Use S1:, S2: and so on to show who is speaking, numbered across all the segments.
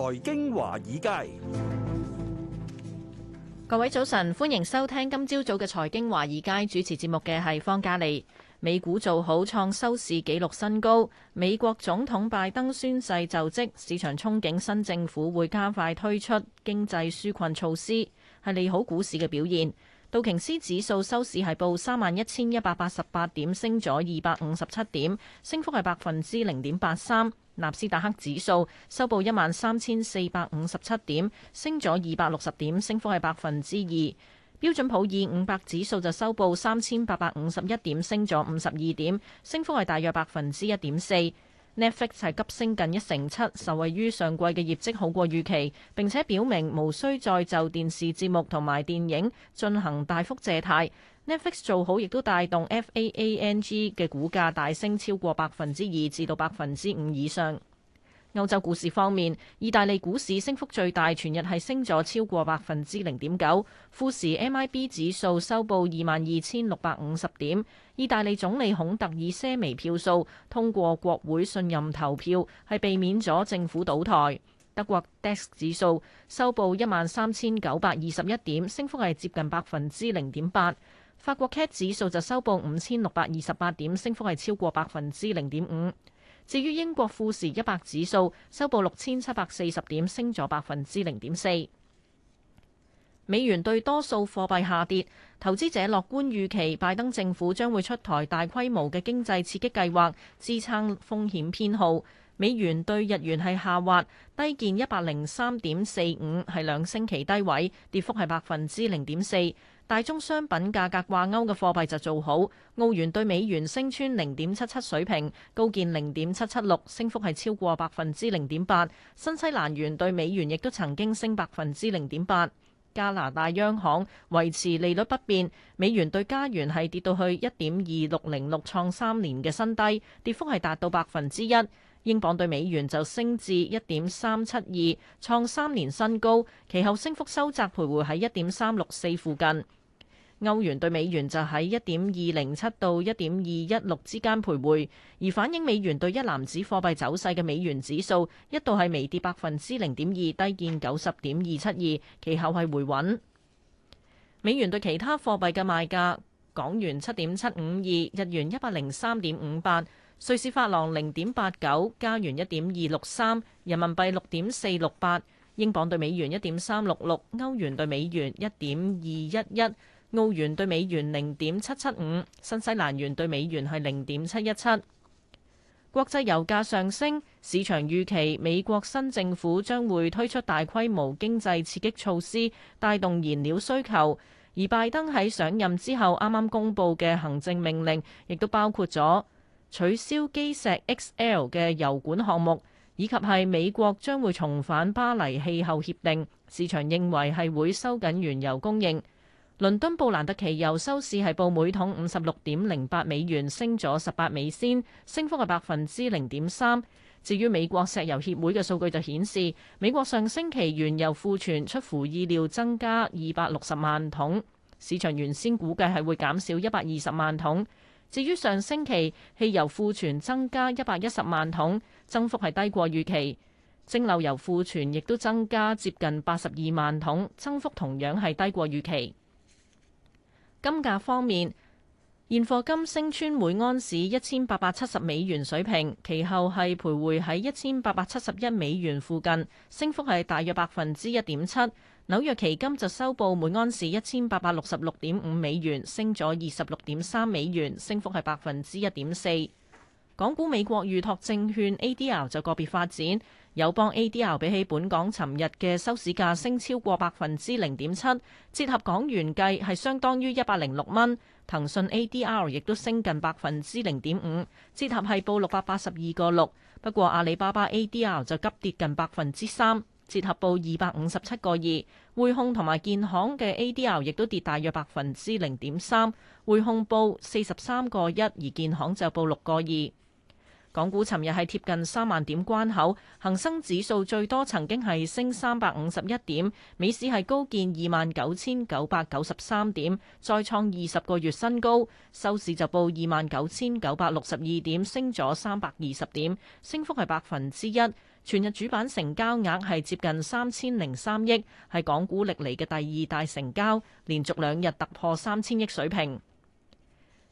S1: 財經華爾街，
S2: 各位早晨，歡迎收聽今朝早嘅財經華爾街，主持節目嘅係方嘉莉。美股做好創收市紀錄新高，美國總統拜登宣誓就職，市場憧憬新政府會加快推出經濟紓困措施，係利好股市嘅表現。道瓊斯指數收市係報三萬一千一百八十八點，升咗二百五十七點，升幅係百分之零點八三。納斯達克指數收報一萬三千四百五十七點，升咗二百六十點，升幅係百分之二。標準普爾五百指數就收報三千八百五十一點，升咗五十二點，升幅係大約百分之一點四。Netflix 就係急升近一成七，受惠於上季嘅業績好過預期，並且表明無需再就電視節目同埋電影進行大幅借貸。Netflix 做好亦都帶動 FAANG 嘅股價大升超過百分之二至到百分之五以上。歐洲股市方面，意大利股市升幅最大，全日係升咗超過百分之零點九，富時 MIB 指數收報二萬二千六百五十點。意大利總理孔特以微票數通過國會信任投票，係避免咗政府倒台。德國 DAX 指數收報一萬三千九百二十一點，升幅係接近百分之零點八。法國 CAC 指數就收報五千六百二十八點，升幅係超過百分之零點五。至於英國富時一百指數收報六千七百四十點，升咗百分之零點四。美元對多數貨幣下跌，投資者樂觀預期拜登政府將會出台大規模嘅經濟刺激計劃，支撐風險偏好。美元對日元係下滑，低見一百零三點四五，係兩星期低位，跌幅係百分之零點四。大宗商品價格掛鈎嘅貨幣就做好，澳元對美元升穿零點七七水平，高見零點七七六，升幅係超過百分之零點八。新西蘭元對美元亦都曾經升百分之零點八。加拿大央行維持利率不變，美元對加元係跌到去一點二六零六，創三年嘅新低，跌幅係達到百分之一。英鎊對美元就升至一點三七二，創三年新高，其後升幅收窄，徘徊喺一點三六四附近。歐元對美元就喺一點二零七到一點二一六之間徘徊，而反映美元對一籃子貨幣走勢嘅美元指數一度係微跌百分之零點二，低見九十點二七二，其後係回穩。美元對其他貨幣嘅賣價：港元七點七五二，日元一百零三點五八，瑞士法郎零點八九，加元一點二六三，人民幣六點四六八，英鎊對美元一點三六六，歐元對美元一點二一一。澳元兌美元零點七七五，新西蘭元兌美元係零點七一七。國際油價上升，市場預期美國新政府將會推出大規模經濟刺激措施，帶動燃料需求。而拜登喺上任之後啱啱公布嘅行政命令，亦都包括咗取消基石 XL 嘅油管項目，以及係美國將會重返巴黎氣候協定。市場認為係會收緊原油供應。倫敦布蘭特期油收市係報每桶五十六點零八美元，升咗十八美仙，升幅係百分之零點三。至於美國石油協會嘅數據就顯示，美國上星期原油庫存出乎意料增加二百六十萬桶，市場原先估計係會減少一百二十萬桶。至於上星期汽油庫存增加一百一十萬桶，增幅係低過預期。蒸餾油庫存亦都增加接近八十二萬桶，增幅同樣係低過預期。金價方面，現貨金升穿每安士一千八百七十美元水平，其後係徘徊喺一千八百七十一美元附近，升幅係大約百分之一點七。紐約期金就收報每安士一千八百六十六點五美元，升咗二十六點三美元，升幅係百分之一點四。港股、美國預託證券 ADR 就個別發展，友邦 ADR 比起本港尋日嘅收市價升超過百分之零點七，折合港元計係相當於一百零六蚊。騰訊 ADR 亦都升近百分之零點五，折合係報六百八十二個六。不過阿里巴巴 ADR 就急跌近百分之三，折合報二百五十七個二。匯控同埋建行嘅 ADR 亦都跌大約百分之零點三，匯控報四十三個一，而建行就報六個二。港股尋日係貼近三萬點關口，恒生指數最多曾經係升三百五十一點，美市係高見二萬九千九百九十三點，再創二十個月新高，收市就報二萬九千九百六十二點，升咗三百二十點，升幅係百分之一。全日主板成交額係接近三千零三億，係港股歷嚟嘅第二大成交，連續兩日突破三千億水平。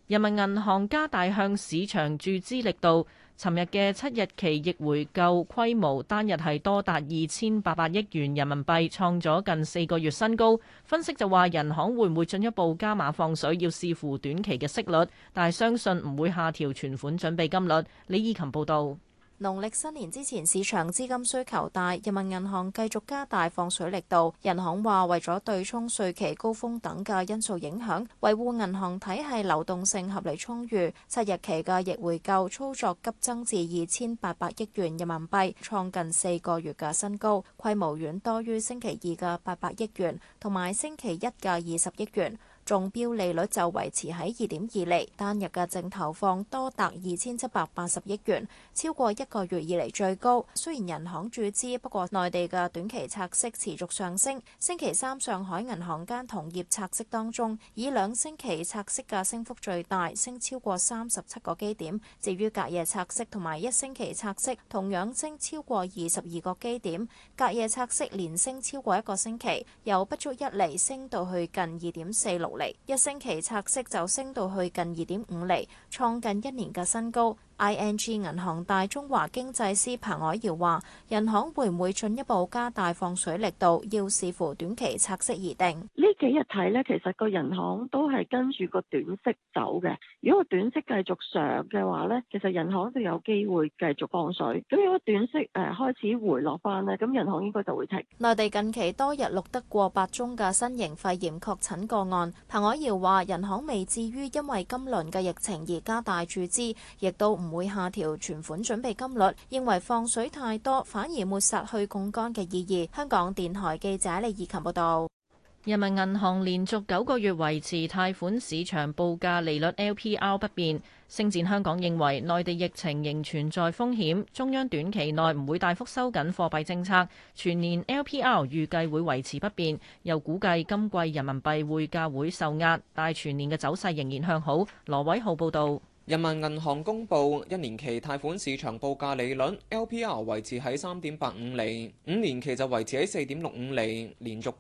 S2: 人民銀行加大向市場注資力度。尋日嘅七日期逆回購規模單日係多達二千八百億元人民幣，創咗近四個月新高。分析就話人行會唔會進一步加碼放水，要視乎短期嘅息率，但係相信唔會下調存款準備金率。李依琴報導。
S3: 農曆新年之前，市場資金需求大，人民銀行繼續加大放水力度。人行話為咗對沖稅期高峰等嘅因素影響，維護銀行體系流動性合理充裕。七日期嘅逆回購操作急增至二千八百億元人民幣，創近四個月嘅新高，規模遠多於星期二嘅八百億元，同埋星期一嘅二十億元。中標利率就維持喺二點二厘，單日嘅淨投放多達二千七百八十億元，超過一個月以嚟最高。雖然人行注資，不過內地嘅短期拆息持續上升。星期三上海銀行間同業拆息當中，以兩星期拆息嘅升幅最大，升超過三十七個基點。至於隔夜拆息同埋一星期拆息，同樣升超過二十二個基點。隔夜拆息連升超過一個星期，由不足一厘升到去近二點四六。一星期拆息就升到去近二點五厘，創近一年嘅新高。ING 銀行大中華經濟師彭海耀話，人行會唔會進一步加大放水力度，要視乎短期拆息而定。呢幾日睇呢，其實個人行都係跟住個短息走嘅。如果短息繼續上嘅話呢，其實人行就有機會繼續放水。咁如果短息誒開始回落返呢，咁人行應該就會停。內地近期多日錄得過百宗嘅新型肺炎確診個案。彭海耀話，人行未至於因為今輪嘅疫情而加大注資，亦都唔唔會下調存款準備金率，認為放水太多反而沒失去槓桿嘅意義。香港電台記者李以琴報道，人民銀行連續九個月維持貸
S2: 款市場報價利率 LPR 不變。星展香港認為內地疫情仍存在風險，中央短期內唔會大幅收緊貨幣政策，全年 LPR 預計會維持不變，又估計今季人民幣匯價會受壓，但全年嘅走勢仍然向好。羅偉浩報道。人民銀行公佈一年期貸
S1: 款市場報價利率 lpr 維持喺3.85厘，五年期就維持喺4.65厘，連續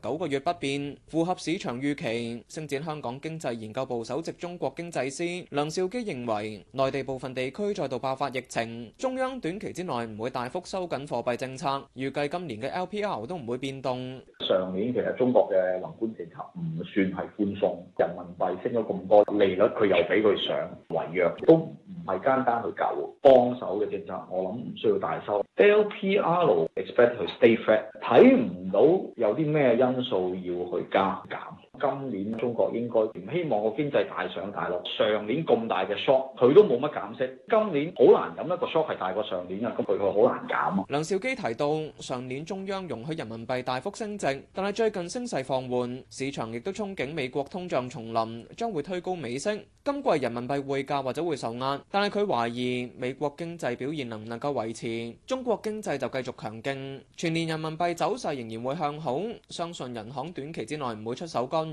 S1: 都唔係簡單去救幫手嘅政策，我諗唔需要大修。LPR expect 去 stay flat，睇唔到有啲咩因素要去加減。今年中國應該唔希望個經濟大上大落，上年咁大嘅 shock 佢都冇乜減息，今年好難飲一個 shock 係大過上年啊，咁佢好難減。梁兆基提到上年中央容許人民幣大幅升值，但係最近升勢放緩，市場亦都憧憬美國通脹重臨，將會推高美息，今季人民幣匯價或者會受壓，但係佢懷疑美國經濟表現能唔能夠維持，中國經濟就繼續強勁，全年人民幣走勢仍然會向好，相信人行短期之內唔會出手干。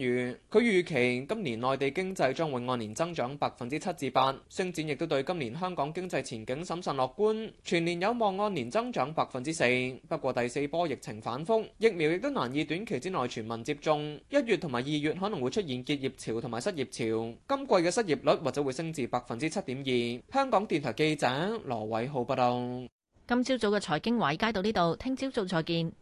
S1: 佢預期今年內地經濟將會按年增長百分之七至八，星展亦都對今年香港經濟前景審慎樂觀，全年有望按年增長百分之四。不過第四波疫情反覆，疫苗亦都難以短期之內全民接種，一月同埋二月可能會出現結業潮同埋失業潮，今季嘅失業率或者會升至百分之七點二。香港電台記者羅偉浩報道。
S2: 今朝早嘅財經華爾街到呢度，聽朝早再見。